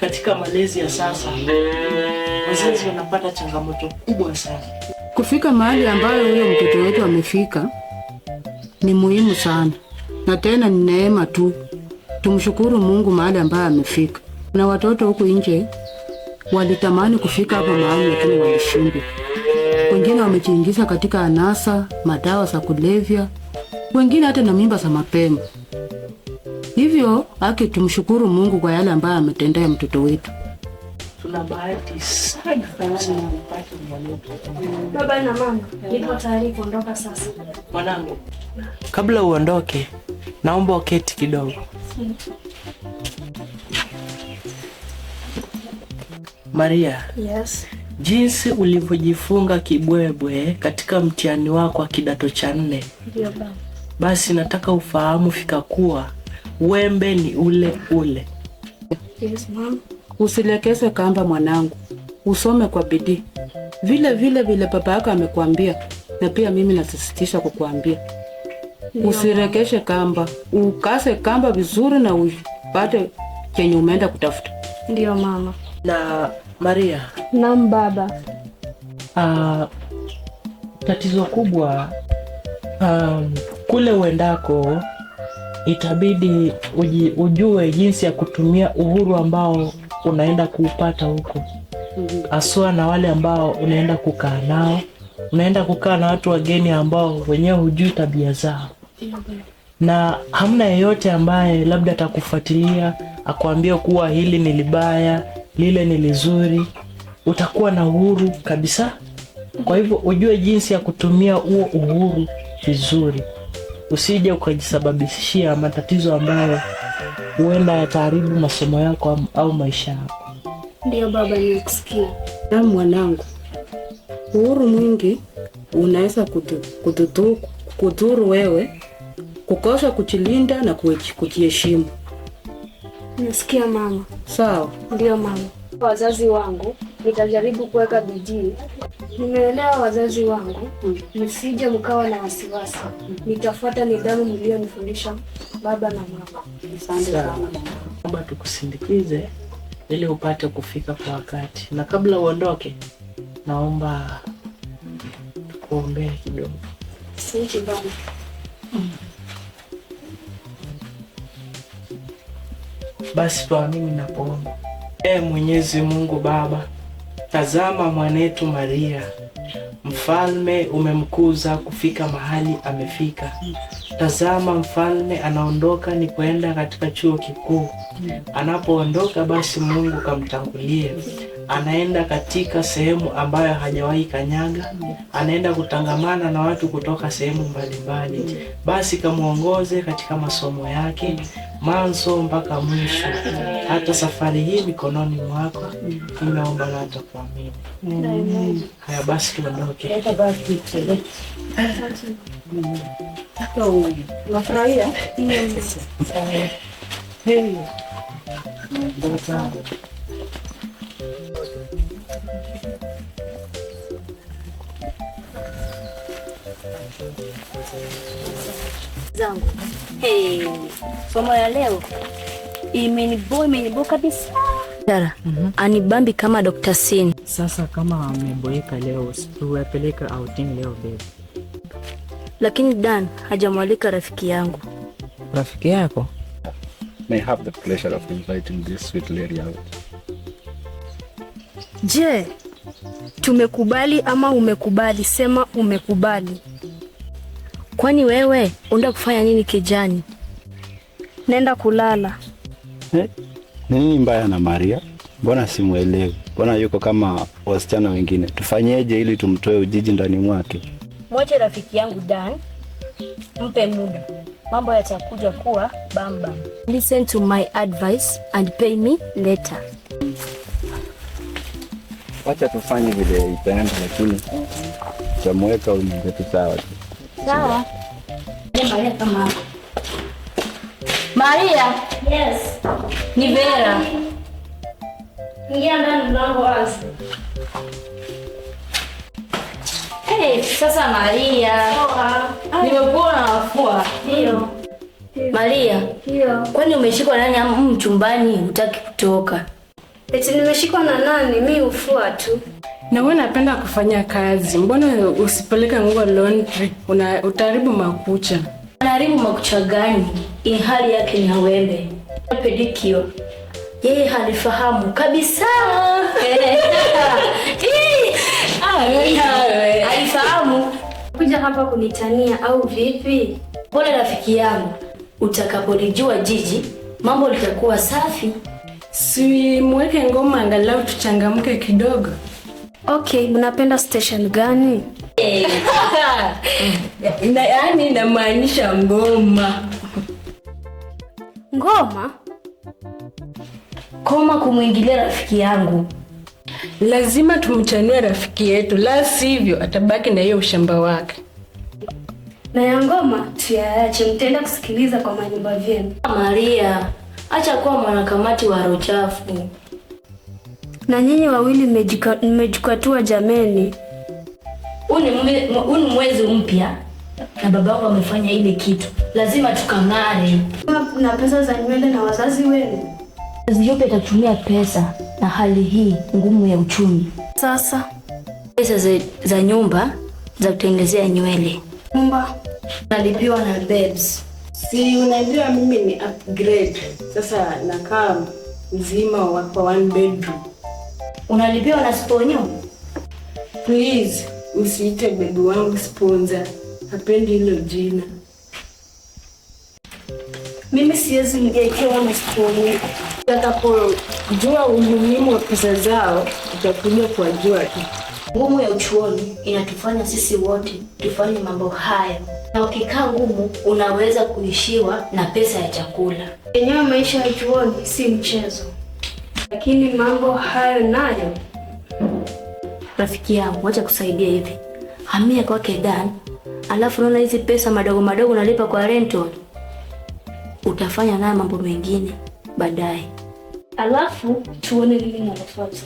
Katika malezi ya sasa, wazazi wanapata changamoto kubwa sana. Kufika mahali ambayo huyo mtoto wetu amefika ni muhimu sana, na tena ni neema tu. Tumshukuru Mungu mahali ambayo amefika, na watoto huku nje walitamani kufika hapo mahali, lakini walishindwa. Wengine wamejiingiza katika anasa, madawa za kulevya wengine hata na mimba za mapema. Hivyo ake tumshukuru Mungu kwa yale ambayo ametendea mtoto wetu. Tuna bahati sana sana Baba na mama, niko tayari kuondoka sasa. Mwanangu, kabla uondoke, naomba uketi kidogo. Maria. Yes. Jinsi ulivyojifunga kibwebwe katika mtihani wako wa kidato cha nne. Ndio baba basi nataka ufahamu fika kuwa wembe ni ule ule. Yes, Usilekeze kamba mwanangu, usome kwa bidii vile vile vile papa yako amekuambia, na pia mimi nasisitisha kukuambia usirekeshe kamba, ukase kamba vizuri na upate chenye umeenda kutafuta. Ndio mama. Na Maria. Naam baba. Uh, tatizo kubwa um, kule uendako itabidi uji, ujue jinsi ya kutumia uhuru ambao unaenda kuupata huko, mm-hmm. haswa na wale ambao unaenda kukaa nao. Unaenda kukaa na watu wageni ambao wenyewe hujui tabia zao, na hamna yeyote ambaye labda atakufuatilia akuambia kuwa hili ni libaya, lile ni lizuri. Utakuwa na uhuru kabisa. Kwa hivyo ujue jinsi ya kutumia huo uhuru vizuri usije ukajisababishia matatizo ambayo huenda yataharibu masomo yako au maisha yako. Ndiyo baba, nikusikia. Na mwanangu, uhuru mwingi unaweza kudhuru wewe kukosa kujilinda na kujiheshimu. Nasikia mama. Sawa. Ndio mama. Wazazi wangu nitajaribu kuweka bidii. Nimeelewa wazazi wangu, msije mkawa na wasiwasi, nitafuata nidhamu mliyonifundisha baba na mama. Asante sana. Baba, tukusindikize ili upate kufika kwa wakati, na kabla uondoke, naomba tukuombee kidogo. Basi twaamini napoona. Ee Mwenyezi Mungu Baba Tazama mwanetu Maria, mfalme umemkuza kufika mahali amefika. Tazama mfalme anaondoka ni kwenda katika chuo kikuu. Anapoondoka basi Mungu kamtangulie anaenda katika sehemu ambayo hajawahi kanyaga, anaenda kutangamana na watu kutoka sehemu mbalimbali. Basi kamwongoze katika masomo yake manso mpaka mwisho. Hata safari hii mikononi mwako, imeomba na kuamini. Haya basi, tuondoke. zangu. Hey, somo ya leo imeniboa, imeniboa kabisa Dara, mm -hmm. Anibambi kama Dr. Sin. Sasa kama ameboeka leo, tuwapeleka outing leo baby. Lakini Dan hajamwalika rafiki yangu. Rafiki yako? May have the pleasure of inviting this sweet lady out. Je, tumekubali ama umekubali? Sema umekubali. Kwani wewe unda kufanya nini kijani? Nenda kulala. Eh, ni nini mbaya na Maria? Mbona simuelewi? Mbona yuko kama wasichana wengine? Tufanyeje ili tumtoe ujiji ndani mwake? Mwache rafiki yangu Dan, mpe muda, mambo yatakuja kuwa bamba. Listen to my advice and pay me later. Wacha tufanye vile itaenda, lakini tamweka ulingetu sawa tu. Sawa. Maria. Yes. Ni Vera. Ingia ndani mlango wazi. Hey, sasa Maria. Nimekuona wafua. Ndio. Maria. Ndio. Kwani umeshikwa nani ama mchumbani hutaki kutoka? Eti nimeshikwa na nani? Mimi ufua tu. Na wewe unapenda kufanya kazi, mbona usipeleke nguo laundry? Una utaribu makucha. Anaharibu makucha gani? hali yake ni hawembe pedikio. Yeye halifahamu kabisa alifahamu ah, kuja hapa kunitania au vipi? Mbona rafiki yangu, utakapolijua jiji mambo litakuwa safi. Si ngoma angalau tuchangamke kidogo. Okay, mnapenda station gani? Yaani inamaanisha ngoma. Ngoma? Koma kumwingilia rafiki yangu. Lazima tumchanue rafiki yetu, la sivyo atabaki na hiyo ushamba wake. Na ya ngoma tuyaache, mtaenda kusikiliza kwa manyumba vyenu. Maria, acha kuwa mwanakamati wa rochafu na nyinyi wawili mmejikwatua jameni. Huu ni mwezi mpya na baba babangu amefanya ile kitu, lazima tukang'are. Na pesa za nywele na wazazi wenu Ziope itatumia pesa na hali hii ngumu ya uchumi. Sasa pesa za, za nyumba za kutengenezea nywele, nyumba nalipiwa na babes. Si unajua mimi ni upgrade sasa, nakaa mzima wa one bedroom Unalipiwa na sponyo? Please, usiite bebi wangu sponza. Hapendi hilo jina. Mimi siwezi mjekewa na sponyo. Atakapojua umuhimu wa pesa zao, utakuja kuwajua tu. Ngumu ya uchuoni inatufanya sisi wote tufanye mambo haya, na ukikaa ngumu unaweza kuishiwa na pesa ya chakula. Enyewe maisha ya uchuoni si mchezo lakini mambo hayo nayo. Rafiki yangu, wacha kusaidia hivi, hamia kwake Dan, alafu naona hizi pesa madogo madogo unalipa kwa Renton, utafanya nayo mambo mengine baadaye, alafu tuone lile linalofuata.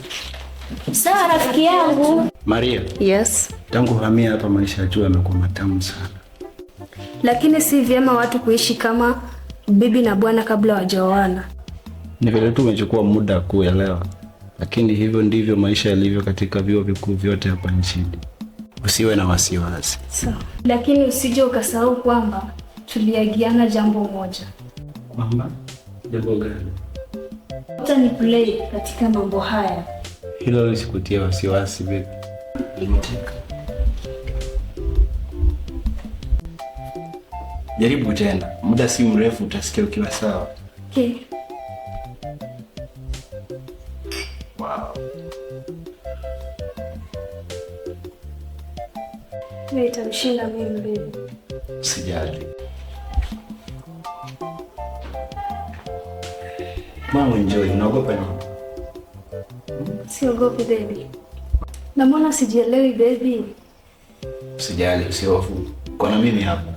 Sawa rafiki yangu. Maria. Yes. Tangu hamia hapa maisha ya juu yamekuwa matamu sana, lakini si vyema watu kuishi kama bibi na bwana kabla wajaoana. Ni vile tu umechukua muda kuelewa, lakini hivyo ndivyo maisha yalivyo katika vyuo vikuu vyote hapa nchini. Usiwe na wasiwasi so, lakini usije ukasahau kwamba tuliagiana jambo moja. Kwamba jambo gani? Hata ni play katika mambo haya. Hilo lisikutia wasiwasi baby. Jaribu tena, muda si mrefu utasikia ukiwa sawa. Okay. Nitashinda mimi mbili. Usijali. Mama enjoy, unaogopa nini? Siogopi baby. Na mbona sijielewi baby? Usijali, usihofu. Kuna mimi hapa.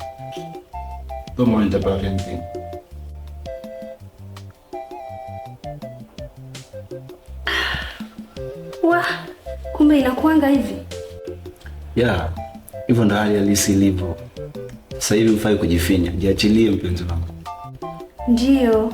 Don't worry kumbe inakuanga hivi. Yeah. Hivyo ndo hali halisi ilivyo. Sasa hivi hufai kujifinya, jiachilie mpenzi wangu. ndio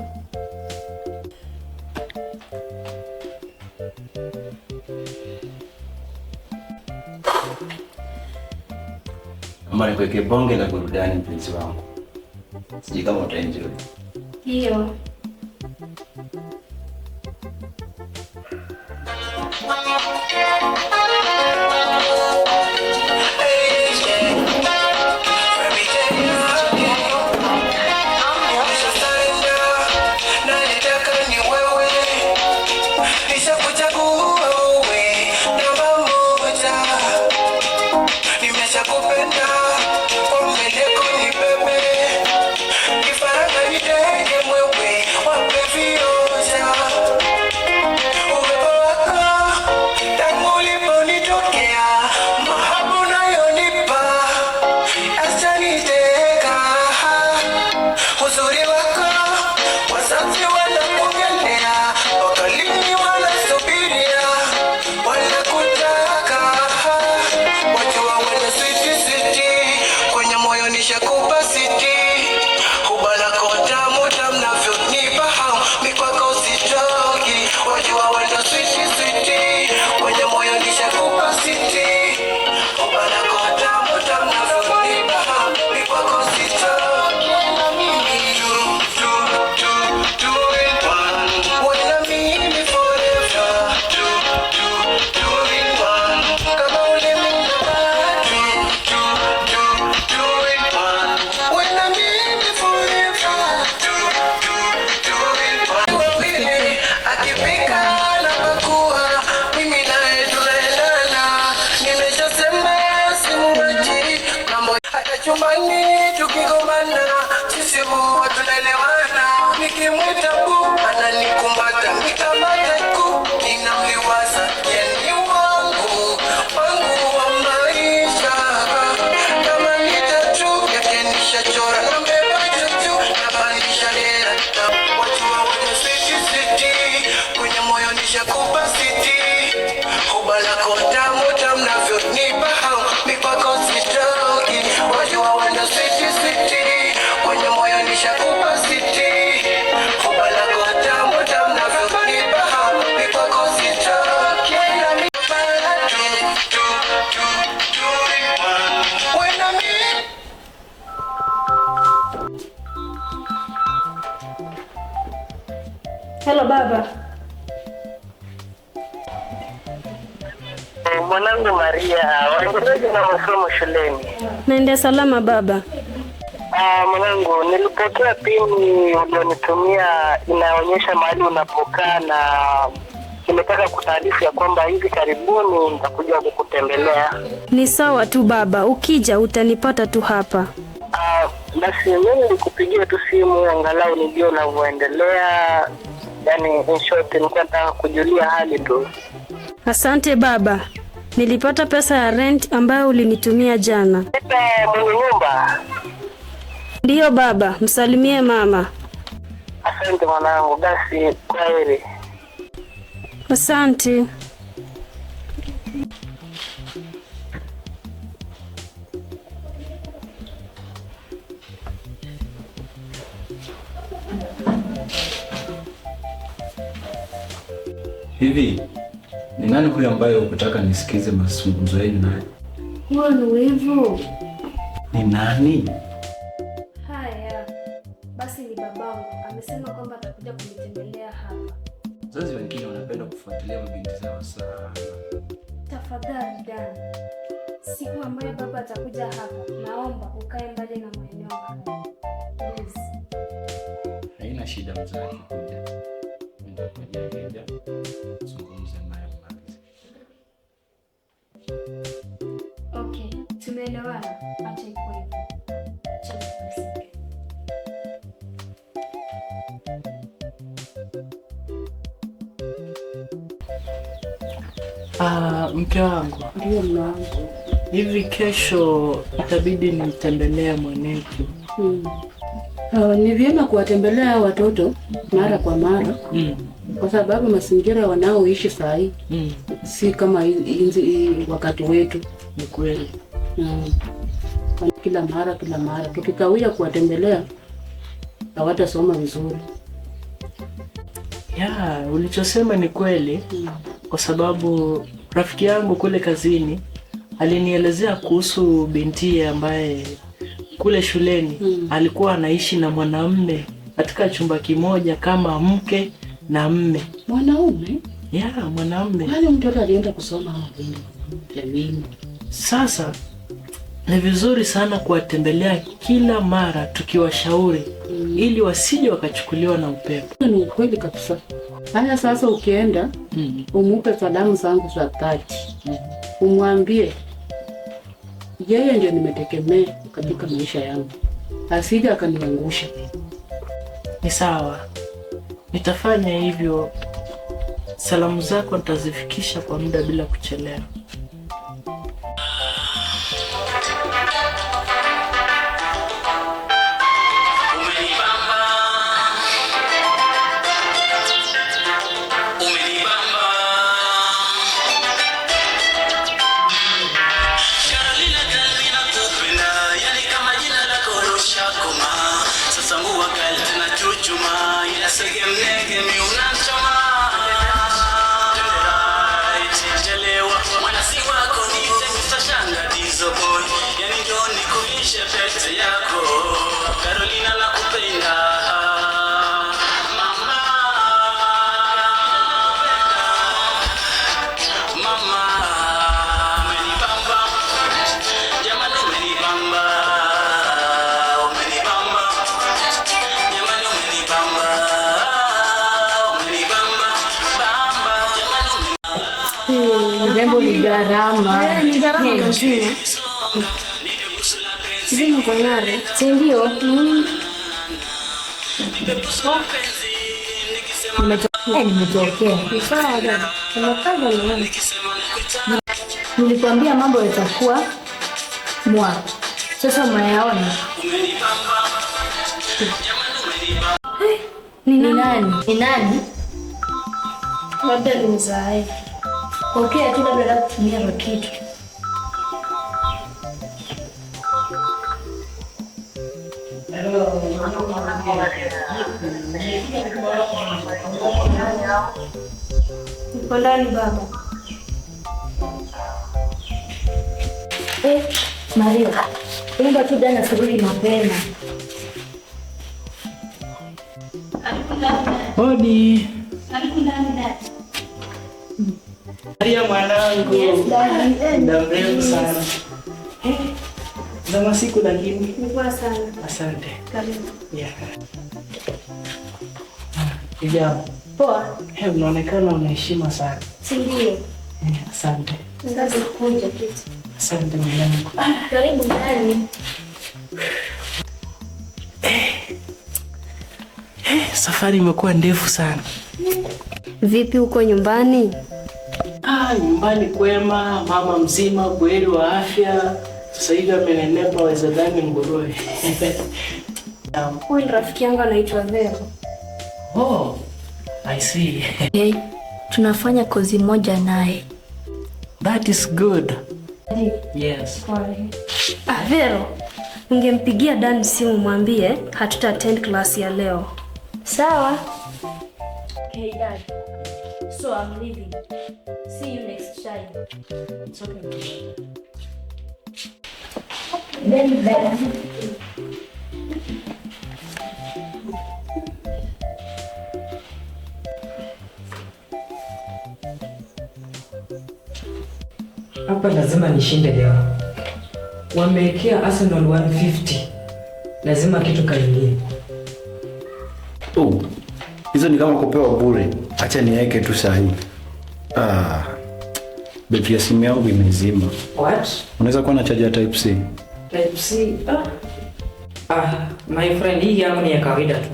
Ama nikuweke bonge la burudani mpenzi wangu, sijui kama utaenjoy. hiyo. akimwita bu analikumbatankitamata Naendeleaje na masomo shuleni? Naendea salama baba. Uh, mwanangu, nilipokea pini ulionitumia inaonyesha mahali unapokaa na nimetaka kutaarifu ya kwamba hivi karibuni nitakuja kukutembelea. Ni sawa tu baba, ukija utanipata tu hapa. Uh, basi mimi nilikupigia tu simu angalau nijue unavyoendelea, yani in short, nilikuwa nataka kujulia hali tu. Asante baba. Nilipata pesa ya rent ambayo ulinitumia jana. Nipe mwenye nyumba. Ndiyo baba, msalimie mama. Asante mwanangu, basi kwaheri. Asante. Hivi ni nani huyo ambaye hukutaka nisikize mazungumzo yenu naye? Huyo ni wivu. Ni nani? Haya basi, ni babangu. Amesema kwamba atakuja kunitembelea hapa. Wazazi wengine wanapenda kufuatilia mabinti zao sana. Tafadhali dada, siku ambayo baba atakuja hapa, naomba ukae mbali na maeneo haya. Yes. Haina shida mzazi Nitakuja Okay, Acha ikuwe hivyo. mke wangu. Ndio mume wangu. Hivi kesho itabidi nimtembelee mwenetu. Hmm. Uh, ni vyema kuwatembelea watoto mara kwa mara. Hmm. Kwa sababu mazingira wanaoishi saa hii. Hmm si kama inzi wakati wetu ni kweli. Mm. Kila mara kila mara tukikawia kuwatembelea hawatasoma vizuri. Ya, ulichosema ni kweli mm. Kwa sababu rafiki yangu kule kazini alinielezea kuhusu binti ambaye kule shuleni mm. alikuwa anaishi na mwanamme katika chumba kimoja kama mke na mme. Mwanaume ya mwanamume. Kwani mtoto alienda kusoma Sasa ni vizuri sana kuwatembelea kila mara tukiwashauri mm. ili wasije wakachukuliwa na upepo. Ni ukweli kabisa. Haya, sasa ukienda mm. umupe salamu zangu za dhati mm. umwambie yeye ndio nimetegemea katika maisha yangu, asije akaniangusha. Ni sawa, nitafanya hivyo. Salamu zako nitazifikisha kwa muda bila kuchelewa. sindio? Mm. Nilikwambia mambo yatakuwa mwa sasa, mayaona ni nani? Ni nani? Labda ni mzae Pokea tu labda nakutumia makitu. Niko ndani baba. Eh, Maria, imba tu jana asubuhi mapema. Hodi. Karibu ndani. Maria mwanangu, eh, muda mrefu sana za masiku, lakini asante. Kijana poa, unaonekana una heshima sana. Asante, asante mwanangu. Ah, karibu ndani. Safari imekuwa ndefu sana. Vipi huko nyumbani? Ah, nyumbani kwema, mama mzima kweli wa afya. Sasa hivi amenenepa waweza dhani nguruwe. Huyu ni rafiki yangu anaitwa Vero. Oh, I see. Hey, tunafanya kozi moja naye. That is good. Yes. Ah, Vero, ungempigia Dan simu mwambie hatuta attend class ya leo. Sawa. Okay, Dad. So I'm leaving. See you next time. It's okay. Then, then. Hapa lazima nishinde leo. Wamewekea Arsenal 150. Lazima kitu kaingie. Oh. Hizo ni kama kupewa bure. Acha niweke tu sahihi. Ah, betri ya simu yangu imezima. What? Unaweza kuwa na chaja type C? Type C? Ah. Ah, my friend, hii yangu ni ya kawaida tu.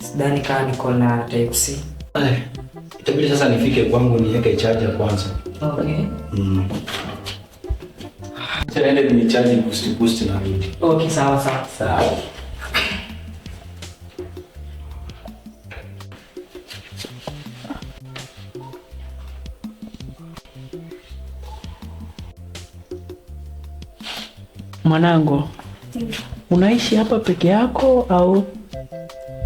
Sidhani kama niko na type C. Eh, itabidi sasa nifike kwangu niweke chaja kwanza. Okay. Mm. Sasa ni nichaji boost boost na rudi. Okay, sawa sawa. Sawa. Mwanangu, unaishi hapa peke yako au?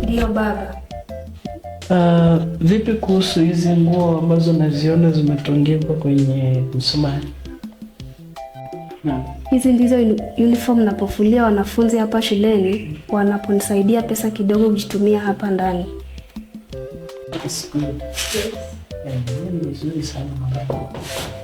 Ndio baba. Uh, vipi kuhusu hizi nguo ambazo naziona zimetungikwa kwenye msumari? Naam. Hizi ndizo uniform napofulia wanafunzi hapa shuleni wanaponisaidia pesa kidogo kujitumia hapa ndani. Yes. Yes. Yes. Yes. Yes. Yes. Yes.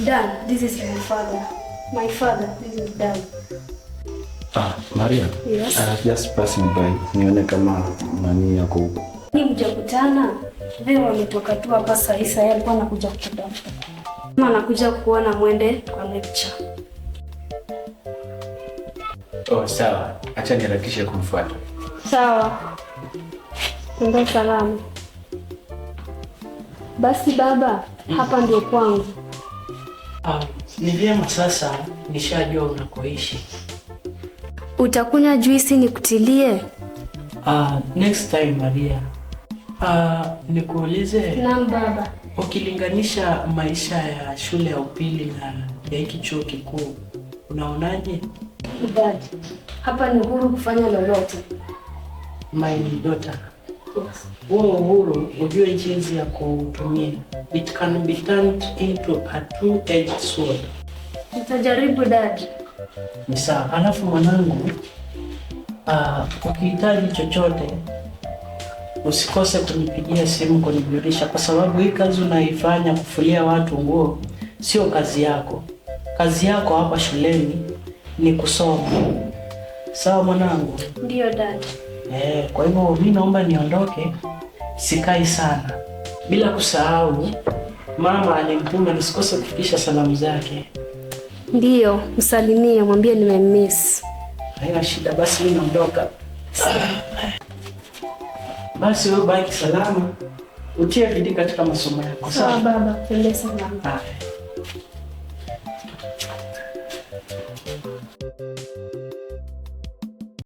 Dan, this is my father. My father, this is Dan. Ah, Maria. Yes. have ah, just passing by. Nione kama nani yako huko. Ni mjakutana? Leo ametoka tu hapa saa hii, alikuwa anakuja kutafuta. Mama anakuja kuona mwende kwa lecture. Oh, sawa. Acha niharakishe kumfuata. Sawa. Ndio salamu. Basi baba, mm. Hapa ndio kwangu. Ah, ni vyema sasa nishajua unakoishi. Utakunywa juisi nikutilie? Ah, next time Maria. Ah, nikuulize. Naam baba. Ukilinganisha maisha ya shule ya upili na ya hiki chuo kikuu, unaonaje? Dad, hapa ni huru kufanya lolote. My daughter. Huo uhuru ujue jinsi ya kutumia. It can be turned into a two-edged sword. Nitajaribu dad. Ni sawa. Alafu mwanangu, uh, ukihitaji chochote usikose kunipigia simu kunijulisha, kwa sababu hii kazi unaifanya kufulia watu nguo sio kazi yako. Kazi yako hapa shuleni ni kusoma. Sawa mwanangu? Ndio dada. Eh, kwa hivyo mimi naomba niondoke, sikai sana, bila kusahau mama alimtuma nisikose kufikisha salamu zake. ndio msalimie, mwambie nimemiss. Haina shida, basi mimi naondoka. Basi wewe baki salama, utie bidii katika masomo yako. Sawa baba, pende salama.